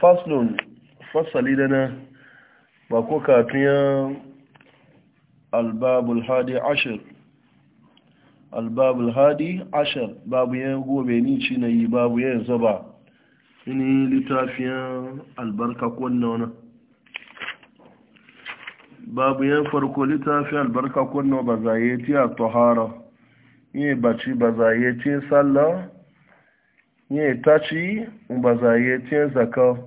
faslun fasali dana ba ko katiyan albabul hadi ashir albabul hadi ashir babu yan gobe ni ci na yi babu yan zaba ini littafiyan albarka kwanna wani babu yan farko littafiyan albarka kwanna ba zaye ti a tahara yi baci ba zaye ti sallah yi taci ba zaye ti zakar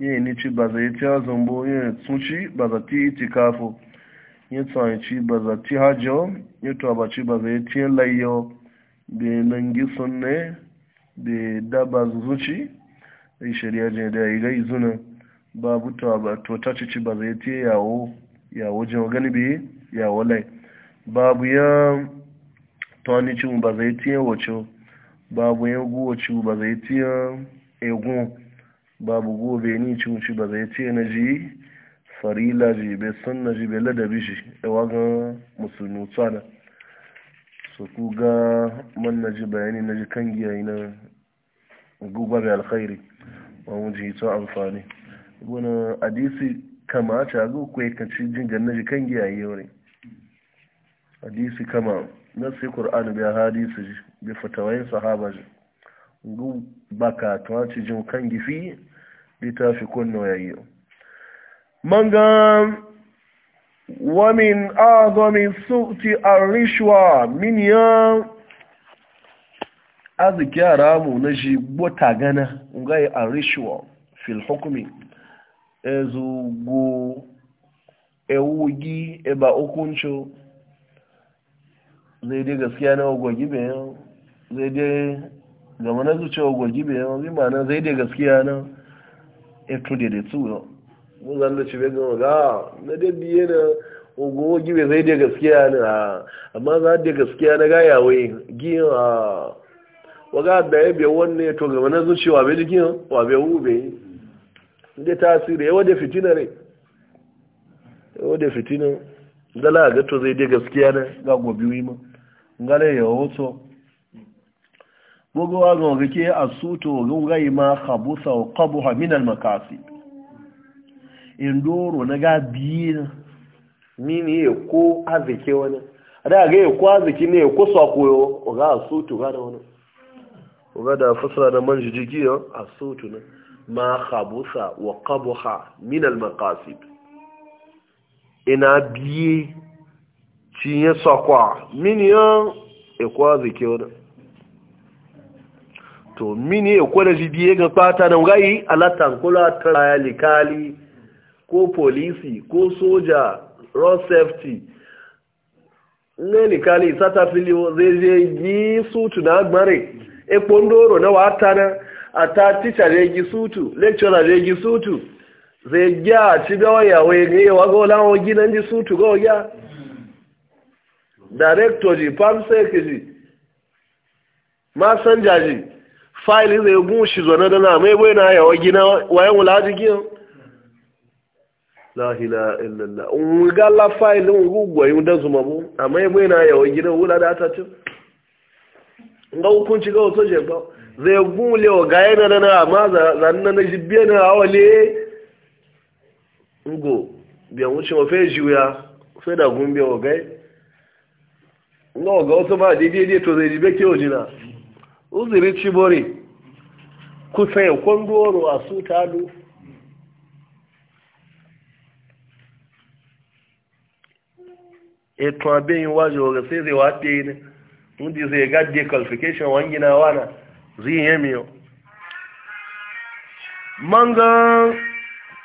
yin ni ci ba zai ci azumbo yin sun ci ba za ti iti kafo yin tsan ci ba za ti hajjo yin to ba ci ba zai ti layyo da nangi sunne da daba zuci ai shari'a jin da ya gai zuna babu to ba to ta ci ci ba zai ti yawo yawo jin gani bi yawo lai babu ya to ni ci ba zai ti yawo e ci babu ya guwa ci ba zai ti egun babu gobe ni cuci ba zai ce na ji farila ji bai san na ji bai ladabi shi da wajen musulmi tsada su ku ga man na ji bayani na ji kan giya na guba bai alkhairi mu ji ta amfani wani adisi kama a cagu kwai kan ci jingan na ji kan giya yi wani adisi kama na sai ƙur'ani bai hadisi bai fatawayin sahaba ji baka tuwa ci jin kan gifi littafi ya yi manga wamin azami su'ti arishwa min ya a ramu na shi bota gana ngai arishwa fil hukumi ezugo ewugi eba okuncho zai dai gaskiya na ogogi bayan zai dai game na zucewa gwagi bai yawan zima na zai da gaskiya na eto da da tsuwa mun zan da cibe gama ga na daddiye na ogogo gibe zai da gaskiya na amma za da gaskiya na ga wai giyan a waga da ya biya wannan to game na zucewa bai jikin wa bai hu bai da tasiri yawa da fitina ne yawa da fitina gala ga to zai da gaskiya na ga gobe wi ma ngale ya hoto bugowa ga wagake a suto gai ma habusa wa kabuha minal makasi indoro na ga biyu mini ya ko arziki wani da ga ya ko arziki ne ya kusa koyo ga a suto ga da wani ga da fasara da man jijigi a suto na ma habusa wa kabuha minal makasi ina biye cinye sakwa mini ya ya ko arziki wani to mini ya kwana jidiye ga fata na ngai alatan kula tara likali ko polisi ko soja road safety ne likali sata fili zai gi sutu na agbare e pondoro na watana ata teacher je sutu lecturer je gi sutu zai ja ya da waya wege wago ji sutu go ya director ji pam secretary masan ji fáìlì zai gún ṣìzọ̀ náà dáná mai na yawa gina wayan wula jikin lahila illalla wuga la fáìlì gugwayin da zuma bu a na yawa gina wula da ta cin ga hukunci ga jeba zai gun lewa gaya na dana amma zanen na ngo biyan wuce jiwuya nga uziri chibori kusaya kondoro a su talu eto abin waje wa sai zai waɗe ne mundi zai gadde qualification wangina wana zai yi miyo. Mangan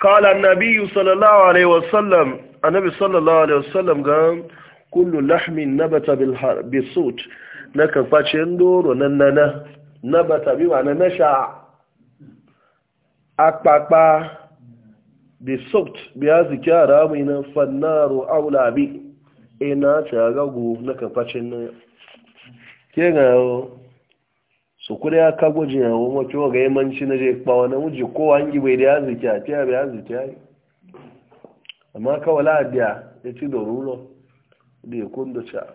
kala annabi sallallahu alaihi wasallam annabi sallallahu alaihi wasallam ga kullu lahmin nabata bil bisut na kan face ndoro nan nana nabata bi na nasha akpakpa bi soft bi ya ziki a rami na fannaro aula bi e na tagagu na kafacin na ke ga yawo su kuda ya kago jin yawon wato ga yamanci na je kpawa na wuji kowa an bai da ya ziki a fiya bai ya ziki ya yi amma kawala biya ya ci da rulo da ya kunduca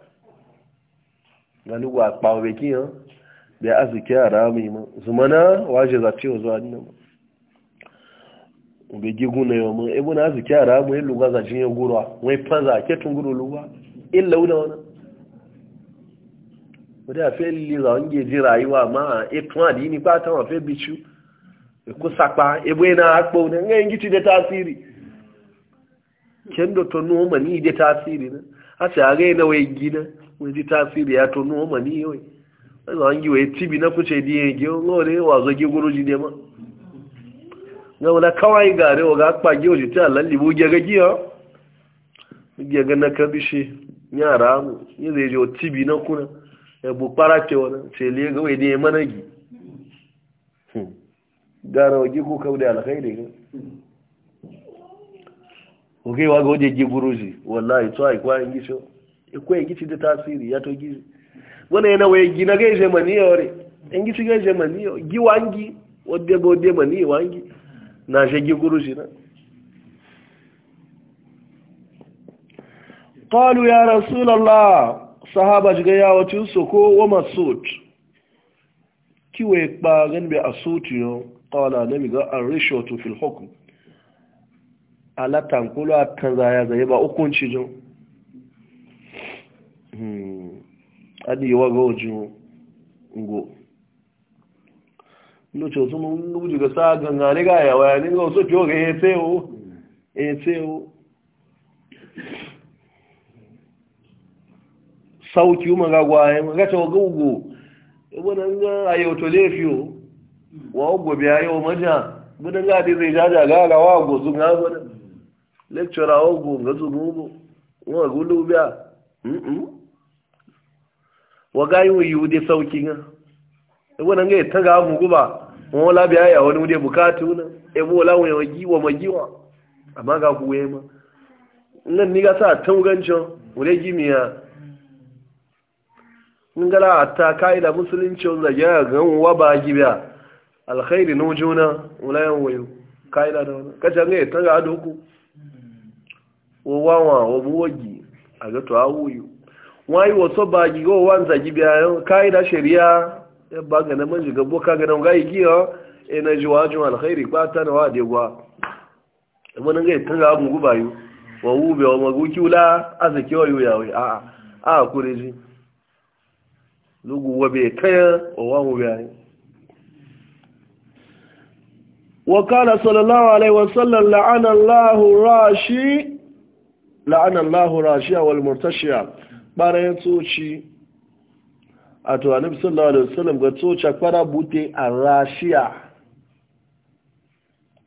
galugu a kpawa bai kiyan da ya ziki a rami ma zumana waje zafi wa zuwa annan mbe giguna yomu ebu na azu kyara mu ilu gaza jin yogurwa wai faza ke tunguru luwa illa una wana wadda fe li za wange ji rayuwa ma e tun adini ba ta wa bichu e ku sapa ebu ina akpo ne ngai ngiti da tasiri kendo ni tasiri na wai gina tasiri ya ni wange wai tibi na kuce di yenge ngore wa zo giguru ji na wala kawai gare wa ga kpage oji ta lalli bu gege giya gege na kabishi nyara mu ni zai je tibi na kuna e bu para ke wala ce le ga wai ne mana gi hmm. gara oji ala kauda alkhairi ne oge wa ga oje giburuji wallahi to ai kwa ngisho ikwe e, ngiti de tasiri ya to gizi wala yana wai gina ga je mani yore ngiti ga je wangi giwangi wadde bodde mani wangi na shagi guruji na ƙalu ya rasulallah sahaba shiga yawacinsu ko wa masud ba gan bi a yau ƙawala na miga an rishotu fil hukum alatan kulu a kan zaya zai ba hukunci jin hmm. adiyewa ga ngo lóṣù tó mú lóṣù kò sáà gangan nígbà ìyàwó ẹ̀ nígbà oṣù tí ó rẹ̀ ẹ̀ tẹ́ o ẹ̀ tẹ́ o sauki umar ragwaye rata ogogo wannan wa ogo biya yau maja gudan ga zai jaja ga rawa go sun ga gudan lecture ogo ga su gugu wa gulu biya mm wa ga yi yude sauki ga wannan ta ga mu mola biya ya wani wude bukatu na e mola wani magiwa magiwa amma ga kuwe ma nan ni ga sa tangancin wule gimiya ngala atta kaida musulunci da ya ga wa ba gibiya alkhairi no juna wala yan wayo kaida da wani kace ne ta ga doku wo wawa wo buwogi a ga to awuyu wai wo so ba go wanza gibiya kaida sharia ba ga naman shiga boka ga nan gai giya ina e ji wajin alkhairi ba ta na wade gwa amma nan gai tanga guba gubayu wa wube wa maguki wula azake wa yoya wai a a a kure ji lugu kaya wa wamu bayani وقال صلى الله عليه وسلم لعن الله راشي لعن الله راشي والمرتشي بارين a to annabi sallallahu alaihi wasallam ga tsoca kwara bute a rashiya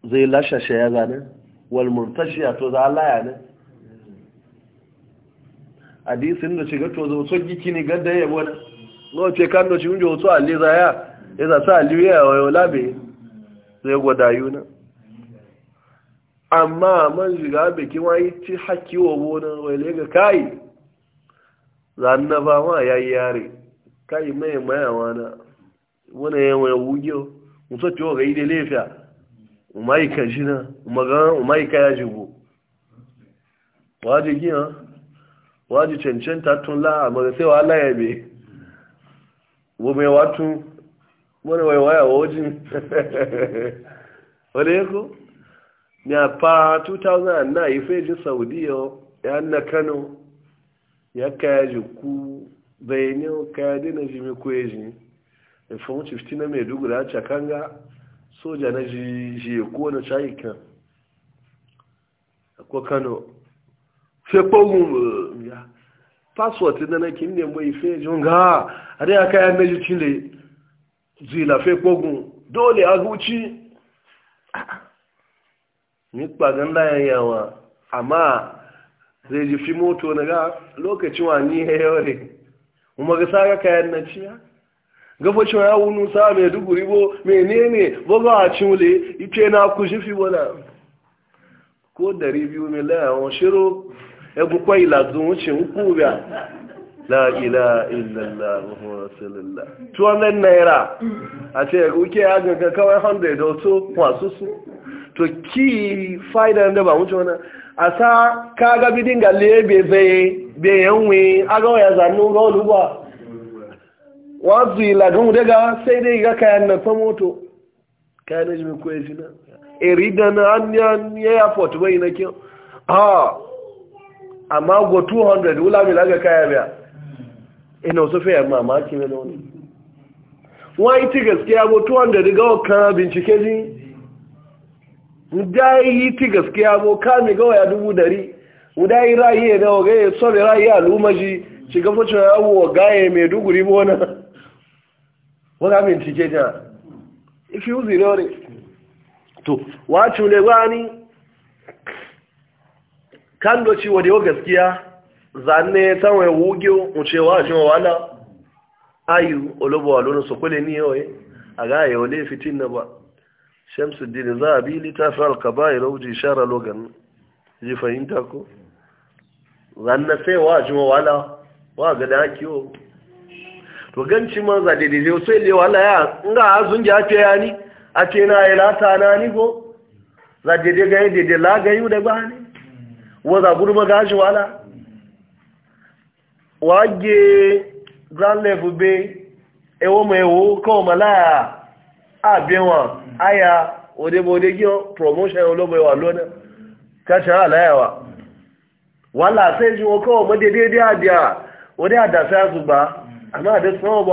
zai lashashe ya zane wal murtashiya to za Allah ya ne hadisin da shiga to zo so kini gadda ya bona no ce kan do shi unjo to alle za ya ya za sa alle ya wa labe zai goda yuna amma man shiga biki wai ci hakki wa bona wai lega kai zanna ba ma yayi yare kai mai maya wana wani yawon wujo mutu ciwo ga ide lafiya umarika jina umarika ya jigo waje gina waje cancanta tun la'a mara sai la'a be wo mai watu wani waiwaya wa wajen wani yako ya fa 2009 ife jin saudiya ya na kano ya kaya ku bayanin kayade na jimi kweji e da fahimci cifti na maiduguri a cakanga soja na jiye ko na chaikan ko kano fekpogun ya passport na na kin ne mai fe jonga a dai aka yan meji cile zila fekpogun dole a guci ni kpagan layan yawa amma zai ji fi moto na ga lokacin wa ni yayore kuma ga saga kayan nan ciya gafo cewa ya wunu sa mai duguri bo menene boga a cimule ike na ku shifi wala ko dari biyu mai layawan shiro ya e gukwa ilazun wucin kubiya biya la ila illallah muhammadu rasulullah 200 naira a ce ya guke ya gaga kawai 100 da wato su to ki fa'idar da ba wuce wani a sa ga bidin ga lebe zai a agawa ya zannu ga wani ba wazu yi lagun daga sai dai ga kayan na fa moto kayan na jimin kuwa shi na eri da na an ya ya fort bai na kyau ha amma go 200 wula mai laga kaya biya ina wasu fiye mamaki mai da wani wani ti gaskiya go 200 ga wakan bincike jini guda yi ti gaskiya bo ka mi ga waya dubu dari guda yi rayi ya dawa ga so sobe rayi ya lumaji shiga fashe ya ga gaye mai duguri bo na wani amin cike ja ifi uzi lore to wacin ne wani kan doci wa da gaskiya zanne ta mu ce wa jin wala ayu olobo alonu kole ni yoye a ga ya ole fitin na ba shamsuddin za a bi littafin alkaba ya rauji shara logan ji fahimta ko zanna sai wa ji wala wa ga da kiwo to ganci man za da daidai sai da wala ya nga azun ji ce ya ni a ce na yi lata na ni ko za da daidai gani daidai da lagayu da ba ni wa za gurma ga ji wala wage grand laifu be ewo mai ewo kawo malaya àbíwọn àyà òdebòde gíọ́ promotion olóbo lónà kẹsàn án láyàwá wàhálà sẹ́yìn wọn ọmọdé déédé àdìà òdé àdàsẹ́ àzùgbà àmọ́ àdẹ́sán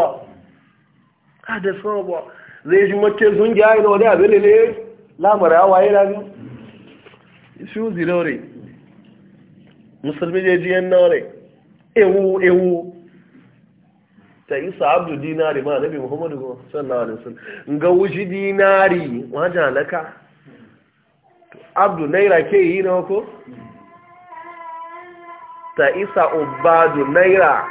zai shi mace sun ji abin ne musulmi ewu ewu ta isa abdu dinari ma nabi muhammadu sallallahu alaihi wasallam ga wuji dinari wajen halaka abdu naira ke yi na ko ta isa ubadu naira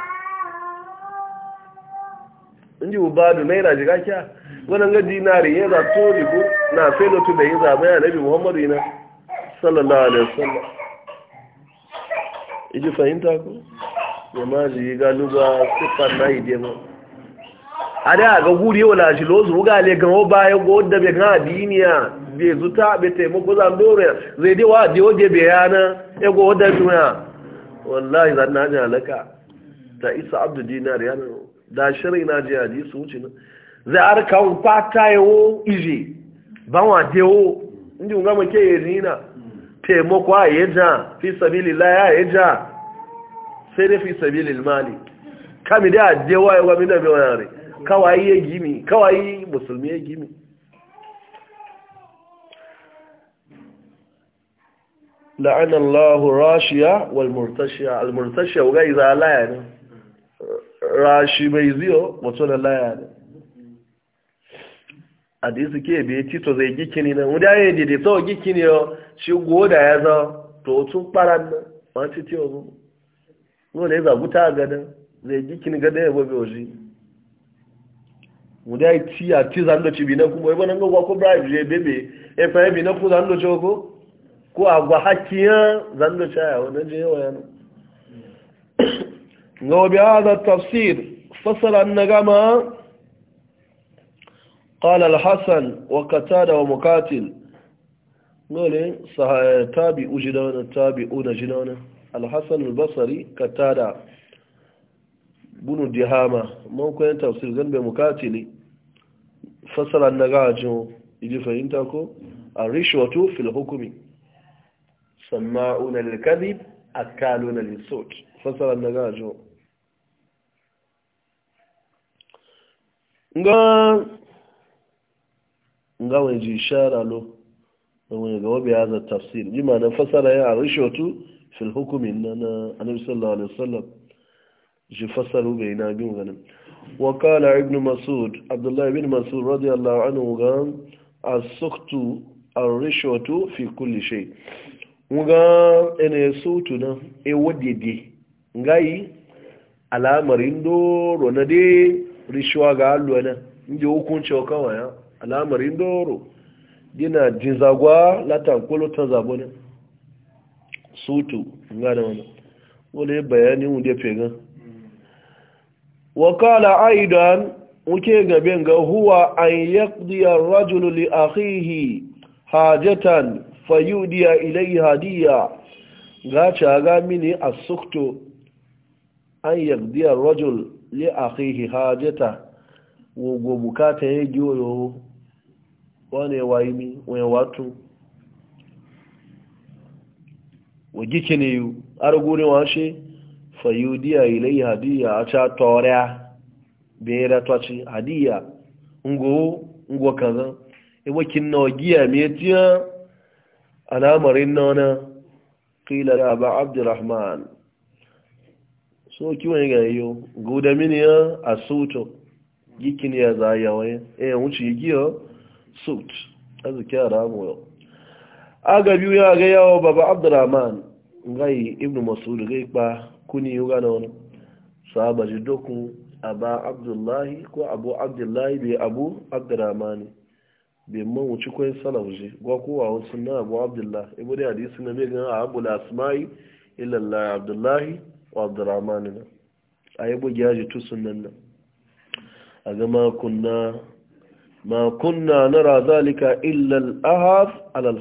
inji ubadu naira jiga kya wannan ga dinari ya za to ribu na felotu da ya zama na nabi muhammadu ina sallallahu alaihi wasallam iji fahimta ku? ya ma ji galu ba na ide ba a da ga guri yau na shi lozu ga le gano baya ga wadda bai gana diniya bai zuta bai taimako zan dore zai dai wa da wadda bai yana ya ga da duniya wallahi zan na ji halaka ta isa abdu dinar yana da shirin na ji hadisi wuce na zai arka un fata yawo ije ban wa dewo inji un gama ke yi nina taimako a yi fi sabili la ya yi sai dai fi sabilil mali kami da je waye wa mina be wani kawai ya gimi kawai musulmi ya gimi la'ana Allah rashiya wal murtashiya al murtashiya wa gaiza laya ne rashi bai ziyo wato da laya ne hadisi ke be tito zai gikini na mu da yayin da to gikini yo shi goda ya zo to tun faran paran ma titi ozo nuna za guta a gadon zai gikin gadon yabo be waje mu dai ci a ci zan da ci bi na ku ibo bana gwa ko bribe je bebe e fa bi na ku zan doci ko ko agwa hakiya zan doci ya wannan je yawa no ngaw bi hada tafsir fasal an-nagama قال الحسن وقتاده ومقاتل نولي صحابي وجدونا تابعون جدونا alhassan albasari katada bunu dihama mun koyan tafsir zan bai mukati ne fassara na gajin iji fahimta ko a rishwatu fil hukumi sama'una lilkadib akaluna lisot fassara na gajin nga nga wani ji shara lo da wani ga wabi za tafsir ji ma na fassara ya a rishwatu fil hukumi na na annabi sallallahu ji fasaru bai na bin ganin ibn mas'ud abdullah ibn mas'ud radiyallahu anhu ga as-suqtu ar-rishwatu fi kulli shay nga ene sutu na e wadede ngai alamarin doro na de rishwa ga alwa na nje hukunci kawai alamarin doro dina jinzagwa latan kolo ta sutu ga da wani bayani wunde fegan wakala aidan muke gaben ga huwa an yaqdiya rajulu li akhihi hajatan fayudiya ilai hadiya ga ga mini asuktu an yaqdiya rajul li akhihi hajata wo go bukata yeji oyo wane waimi wane watu wagike ne yi arguni washe fayudiya ilai hadiya a ca toriya bera twaci hadiya ngo kaza ewa kinna wagiya tiya alamarin nana qila la ba abdurrahman so kiwon ga yi goda mini ya asuto gikin ya zaya waye eh wuce giyo suit azuki aramu yo aga ya ga yawa baba abdurrahman ngai ibnu masud gai pa kuni yuga na wani sahaba ji doku aba abdullahi ko abu abdullahi bi abu abdurrahmani bai man wuce kwayin salawuji go ko wasu sunna abu abdullahi ibu da hadisi na bai abu da asma'i allah abdullahi wa abdurrahmani na a yi bugi tu sunan nan a ga makunna kunna nara zalika illal ahaf ala al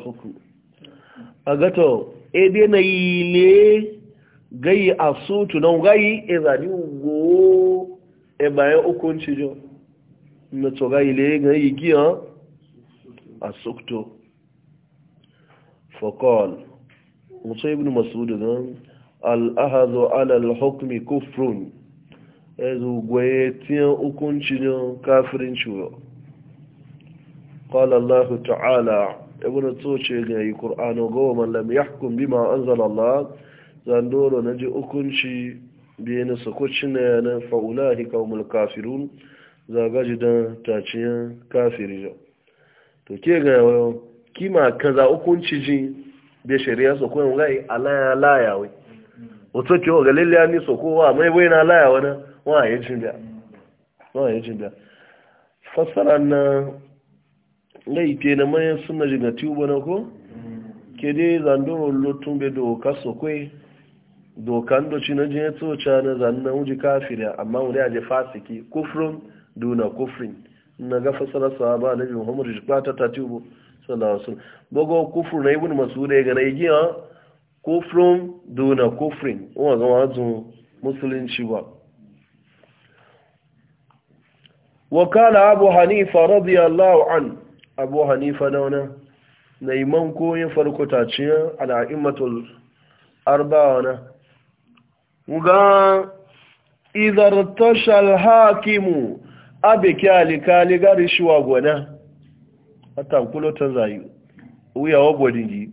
a agato Ede na ile gayi asutu na gayi ezani go e bayan hukunci na to gayi le gayi Fokol. asukto ibi musa ibn masud gan al-ahadu ala al-hukmi kufrun ezu gwaye tiyan hukunci jo kafirin ciwo قال الله تعالى ibn tsoce ga yi ƙur'ano gawa mallam ya hukun bi ma an zala Allah zandoro na ji hukunci biyu na sakwacin na yana fa'ula hika umar kafirun zagaji don taciyar kafiri to ke ga kima kaza hukunci ji bai shari'a sakwai gai alaya layawai wato ke wa galiliya ni sokowa mai bai na layawa na wa a yi jin biya fassara na ngai ke na maya suna jiga tuba na ko ke dai zando lotun be do kaso kwe do dokan do na to cha na zanna uji kafira amma wuri aje fasiki kufrun duna kufrin na ga fasara sahaba nabi ji kwata ta tubo sallallahu alaihi wasallam bogo kufru na ibn mas'ud ya e na yi ha kufrun duna kufrin wa ga wazu musulunci ba وقال أبو حنيفة رضي الله عنه abu hanifa da wani na iman koyin farko na al'a'immatul arba wani ga izartashal hakimu abike alikali gari shiwa gwana a tankulotar zayu wuyawa gwadigi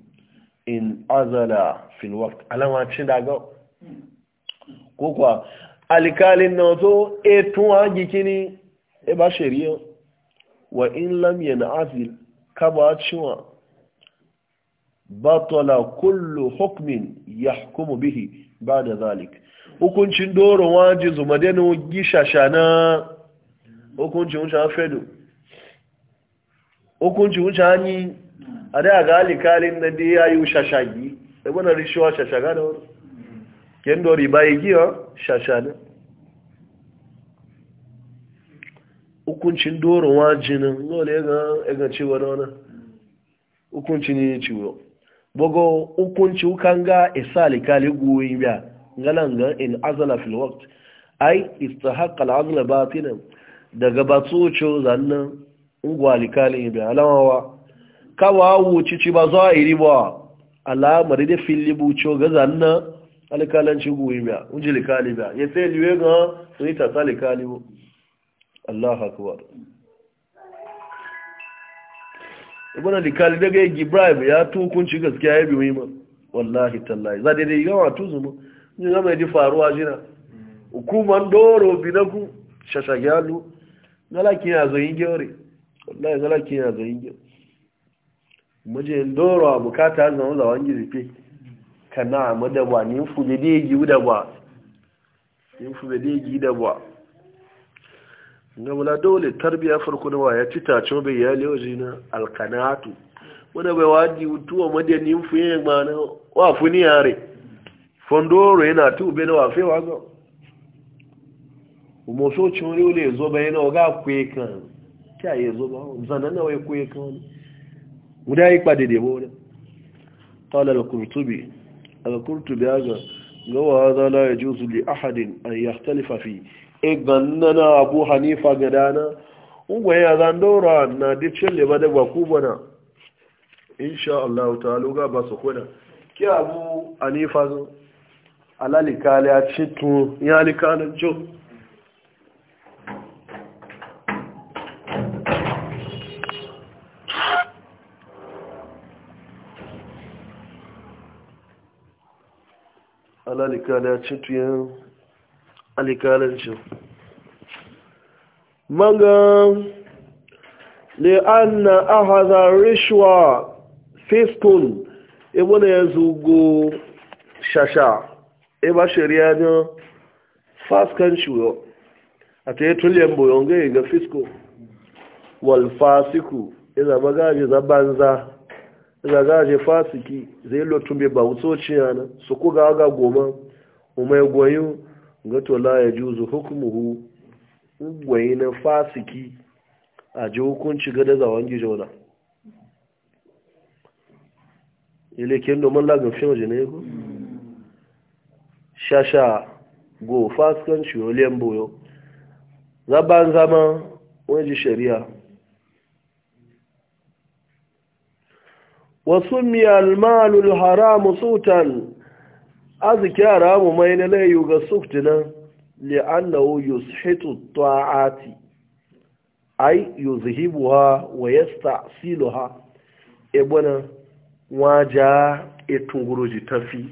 in azala filwakt alamacin daga kokwa alikalin na wato etun agikini e ba shari'a wa in lam yan'azil kaba cewa batala kullu hukmin yahkumu bihi ba'da zalik hukuncin doron waje zuma da no gishasha na hukuncin wuce fedo hukuncin wuce hanyi a da ga alikalin na da ya yi shashagi da wani rishuwa shashaga da wani kendo riba yi giya shashana hukuncin doron wajinin dole ya ga cewa da wani hukunci ne ciwo bugo hukunci hukan ga isa alikali goyi biya galan ga in azala fil isa ai istahaqqa ba azla batina daga batsocho zannan ungwa alikali biya alamawa kawo wuci ci ba za a iri ba alamar da filibu cho ga zannan alikalanci goyi biya unji alikali biya ya sai liwe ga sun yi tasa alikali biya Allah akwar. ibn al daga yi Gibraim ya tukunci gaskiya ya bi muhimman wallahi tallahi za daidai dai gawa tu zuma ni zama yi faruwa jina hukuman doro binaku shashagyalu zalakin ya zo yi gyore wallahi zalakin ya zo yi gyore mujin doro a bukata zama zawon gizfe kana madaba ni fude da yi da ba ni fude da yi da ba na wula dole tarbiya farko na waya ci tacho bai ya lewa na alkanatu wani bai wadi tuwa madani fuye ya na wa funi yare fondoro yana tube na wafe wa ga umosocin wani wule ya zo bai yana waga kuye kan ta yi zo ba zanen na wai kuye kan guda yi kpade da bude قال القرطبي القرطبي هذا قال هذا لا يجوز لأحد أن يختلف فيه e abu hanifa gadana dana ungwa ya zandora na dicin leba da bakubana insha Allah ta luga ba su kuna ki abu hanifa zo alalikali a cikin ya likanin jo alalikali a ya alikalanci manga li'anna ahaza rishwa fiskun ibuna ya zugo shasha iba shirya na faskan shiwo a ta yi tuliyan boyon gai ga fisko walfasiku iza magaji za banza iza gaji fasiki zai lotun bai ba wutsociya na su kuga aga goma umar goyi gato la ya juzu hukumuhu ugwai na fasiki a ji hukunci gada zawon gijona ilekin domin lagafin waje ne ku shasha go fasikan shioliyan boyo zaban zama waje shari'a wasu miyalmalul haramu sultan arziki haramu mai na layu ga sufti nan li'annahu yushitu ta'ati ai yuzhibuha wa yastasiluha ebona waja etunguruji tafi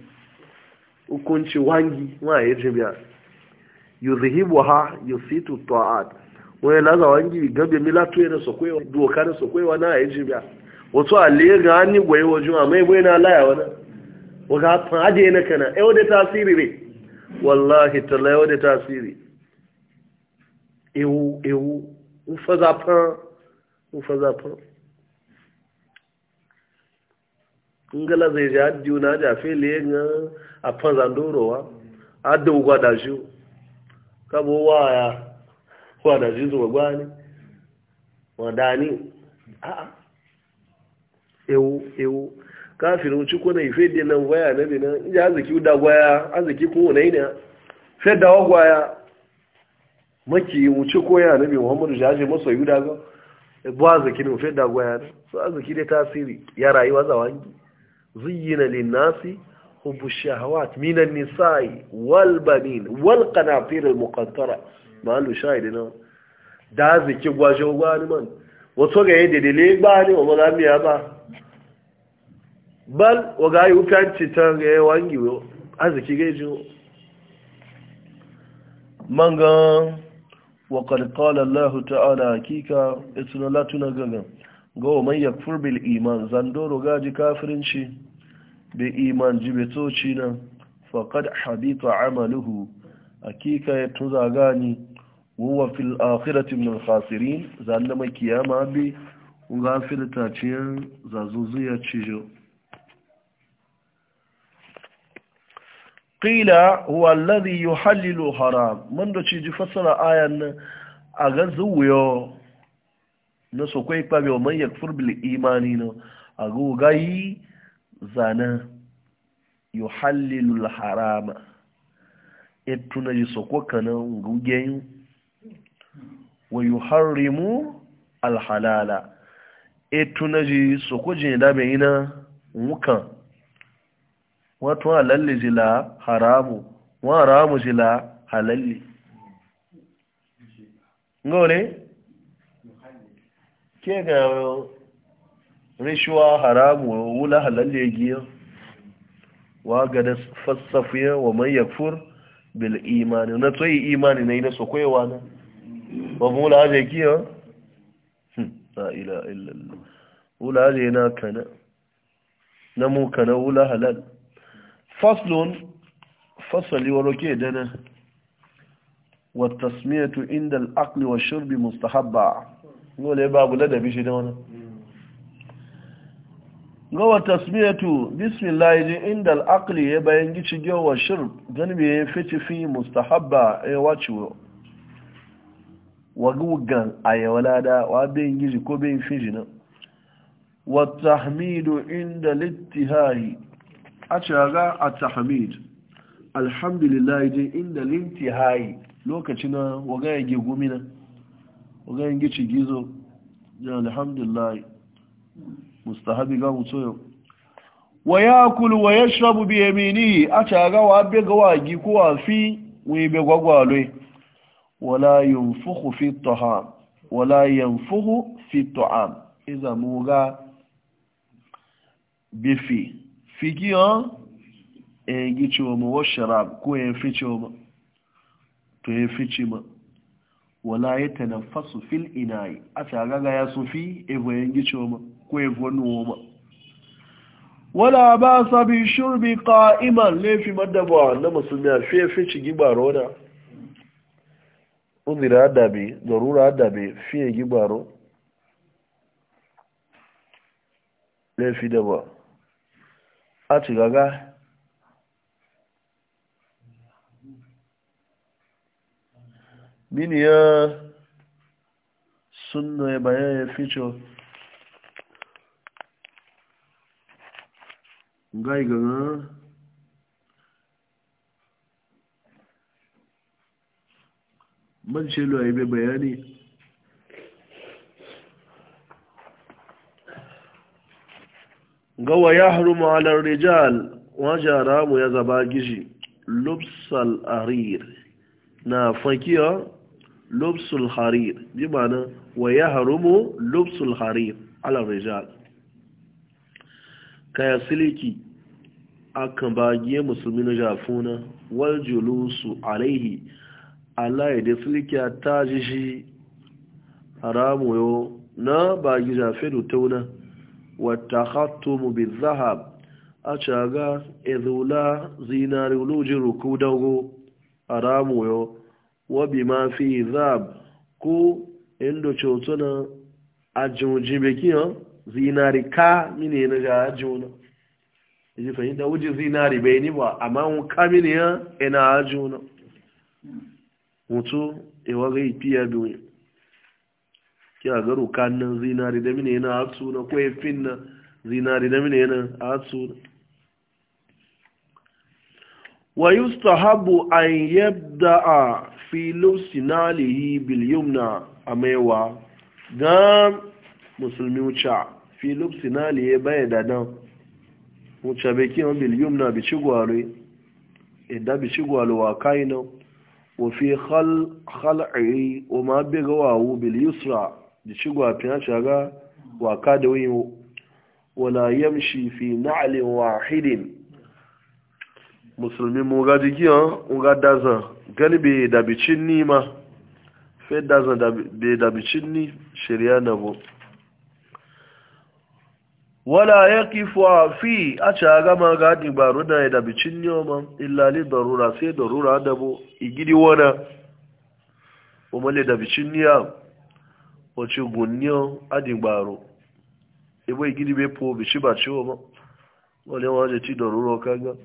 hukunci wangi wa yajibiya e yuzhibuha yusitu ta'at wani laza wangi gabe milatu yana sokwewa doka na sokwewa na yajibiya e wato alega hannu gwaye wajen amma ibo yana laya wani waga faje na kana yau eh, da tasiri ne wallahi talla yau da tasiri ewu ewu u fa ufa zafan ufa zafan ngala zai ji adiyu na da fele ga a fanza ndorowa adau gwada shi kabo waya gwada shi zuwa gwani dani a'a ewu ewu kafirin ci kuna ife de nan waya na bi nan inda arziki da gwaya arziki kun wani ne fe da gwaya maki wuce koya na bi muhammadu jaje masa yuda ga e bu arziki ne fe da gwaya ne su arziki da tasiri ya rayuwa zawangi lin nasi. hubu shahawat minan nisa'i wal banin wal qanatir al muqantara malu na da arziki gwaje ni man wato ga yadda dele ba ne wa mazamiya ba bal wa ga yi ta ga ya wangi arziki ga ji Manga! ga allahu ta'ala hakika ituna latuna gaga ga wa man yakfur bil iman zandoro gaji kafirinci bi iman jibetoci nan faqad habita amaluhu hakika ya tuza gani wa fil akhirati min khasirin zalama kiyama bi ngafilta ciyar zazuzuya cijo qila huwa alladhi yuhallilu haram mun da ci ji fasara ayan nan a ga zuwiyo na so kai pa biyo man yakfur bil imani no a go gayi zana yuhallilu haram etuna ji so ko kana ngugen wa yuharrimu al halala etuna ji so ko jin da bayina mukan watu halalli zila haramu wa haramu zila halalli ngore ke ga rishwa haramu wula halalli giya wa ga da fassafiya wa man yakfur bil iman na tsoyi imani na yi na sokwewa na ba mu wula haje giya hm, la ila illallah wula haje na kana na mu kana wula halal faslun fasali wa roke dana wa tasmiyatu inda al'aqli wa shirbi mustahabba ngole babu ladabi shi da wani ga wa tasmiyatu bismillah ji inda akli ya bayan gici gyau wa shirb gani bai fiti fi mustahabba ya wace wa gugan a yawalada wa bayan gici ko bayan fiji na wa tahmidu inda littihari a ga a tahamid alhamdulillah je inda linti hayi lokaci na wagaya ge gumina wagayen gici gizo ya alhamdulillah mustahabi ga mutu yau wa ya kulu wa ya shabu biya mini a ga wa be ga wagi ko a fi wai be gwagwalwe wala fuhu fi ta'am wala yanfuhu fi ta'am iza mu ga bifi fikiyo e ẹ̀yìn wa wọ́n mọ̀ ko ya fice wa to ya fice ma wala ya tanaffasu fil inayi a tagaga ya sufi ebo ya wa ya sọ wa ma wala ba sa bi kó qa'iman lafi na zarura a ci gaga mini ya sunna ya bayan ya fito gai gaga man ce lo ya bayani gawa ya harumu halar rijal wajen ramu ya zaba gishi lubsal harir na fakiya lubsul harir bi mana wa ya harumu lubsul harir alar rijal kaya siliki akan bagiye musulmi na jafuna wal julusu alaihi Allah ya da siliki ta jishi haramu yau na bagi jafe da tauna wata khatomobi zahab a caga ezola zinari olojiro ko dangoro a ramu we o wabi ma fi zahab ko enlucho otu na ajinjimekiyan zinari ka mini ena haji una isi fayinta oji zinari bayani wa amma n ka mini ya ena haji una mutu iwa zai pia bi kina ga rukan nan zinari da mine yana hatsu na ko efin na zinari da mine yana hatsu na wa yustahabu a yadda a filin nalihi bil a maiwa ga musulmi wuce filin sinali nalihi bai da nan wuce bai kiyan bil na bi ci idan bi ci gware wa kai nan wa fi khal'i o ma bi gawawo biliyusra da ci gwafin a shaga waka da wuyi wala yamshi fi na'alin wahidin musulmi mu ga jigiyan ah, ga dazan gani da dabicin ni ma fai dazan da bicin ni shirya na bu wala yaqifu fi a caga ma ga dibaru da bicin ni ma li darura sai darura da bu igidi wana da bicin ni ya wace gunniyo ebe i gidi bai po bici ba ciwo ba wani waje ci da ruro kanga.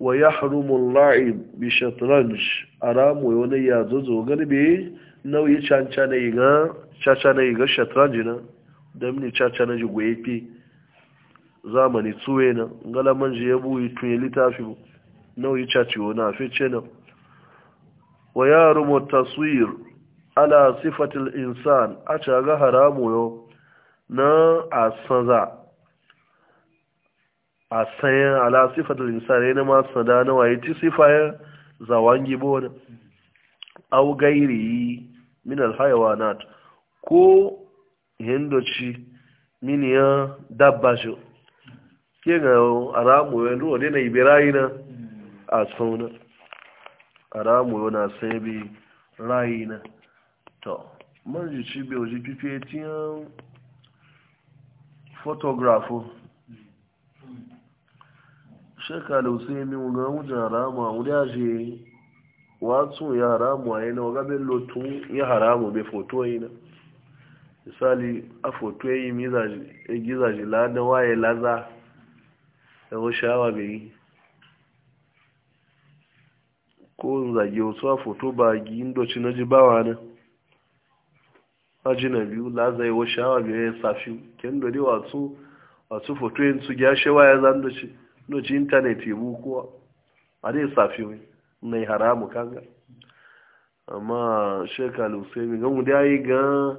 wa ya harumun la'ib bi shatranj aramu wani ya zozo garbe nauyi canca na yi ga caca na yi ga shatranj na da mini caca na ji goye fi zamani tsuwe na galaman ji ya buyi tun yi littafi nauyi caci wani a fice na wa ya harumun taswir ala sifatil insan a caga haramu yau na a sanza a sayan ala sifatil insan yana masu da na waye ti sifayen gibo da au gairi min na ko hindoci min ya dabba shi ke ga haramu yau ruwa ne na ibirayi na a sauna haramu yau na sai bi rayina. na to man ji ci biyo ji fife tiyan photographer shekaru sai mi wuga wujan harama wuda je watsu ya haramu na yana waga lo lotun ya haramu bai foto yi na misali a foto yi gizaji ladan waye laza yawon sha'awa be yi ko zage wasu a foto ba gi indoci na jibawa na ajinabiyu lazai wa shawa biyu ya safi ken dori wasu wasu foto yin su gya shewa ya zan doci doci intanet ya bukuwa a ne safi mai mai haramu kanga amma shekaru sai mi gan guda yi ga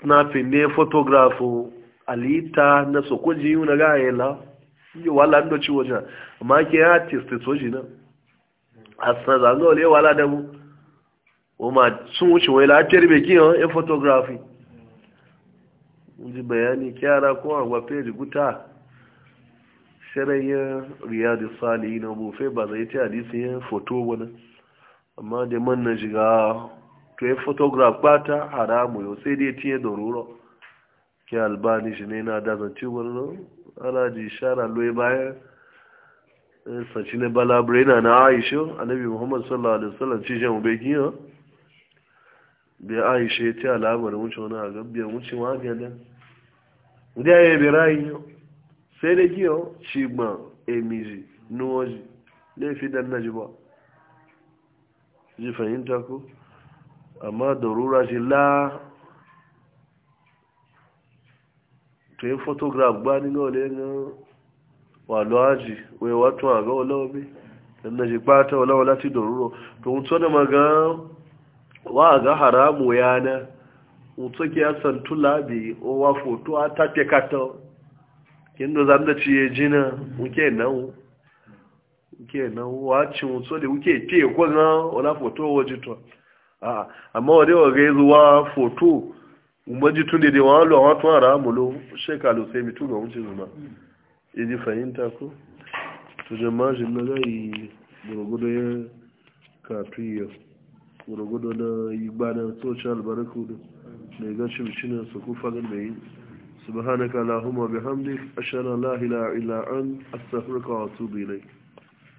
snapping ne alita na sokoji yi na gaya la yi wala ndoci wajen amma ke artist soji na a sanar zango le wala da mu wọ́n máa tún ṣe wọ́n látẹ́rí a hàn ẹ́ photography wọ́n bayani kí ara kó àwọn pẹ́ẹ̀lì gúta sẹ́rẹ̀yẹ riyadu sali na bu ba zai tí àdísí yẹn foto wani amma da man na shiga to ya e photograph pata haramu yau sai dai tiye da ruro ki albani shi ne na dazanci wani alaji shara loyi e bayan e sashi ne na na aisha annabi muhammad sallallahu alaihi wasallam ci shan bai aishe ta alamar wuce wani a gabbiyar wuce ma ganin da ya yi rayu sai da giyo shi ma emiji nuwaji laifi dan na ji ba ji fahimta ko amma da rura la to yi photograph ba ni ga wale na walo aji wai wato a ga wala wabe dan na ji ba ta wala wala ti da ruro to mutu da magana wa ga haramu yana utsoki ya santu labi o wa foto a tafe kato kendo zan da ciye jina uke u uke nan wa ci utso da uke te ko na ola foto waje to a amma wa o ga zuwa foto umaji tun da wa lo wa tun haramu lo shekalu sai mitu ga wuce zuma idi e fahimta ko to jama'a jin na zai gurgudu ya kafiyar gwargwado na yi bana social albarku da mai gashin shi ne su kufa ga mai yi subhanaka lahumma bihamdik ashhadu an la an illa astaghfiruka wa atubu ilayk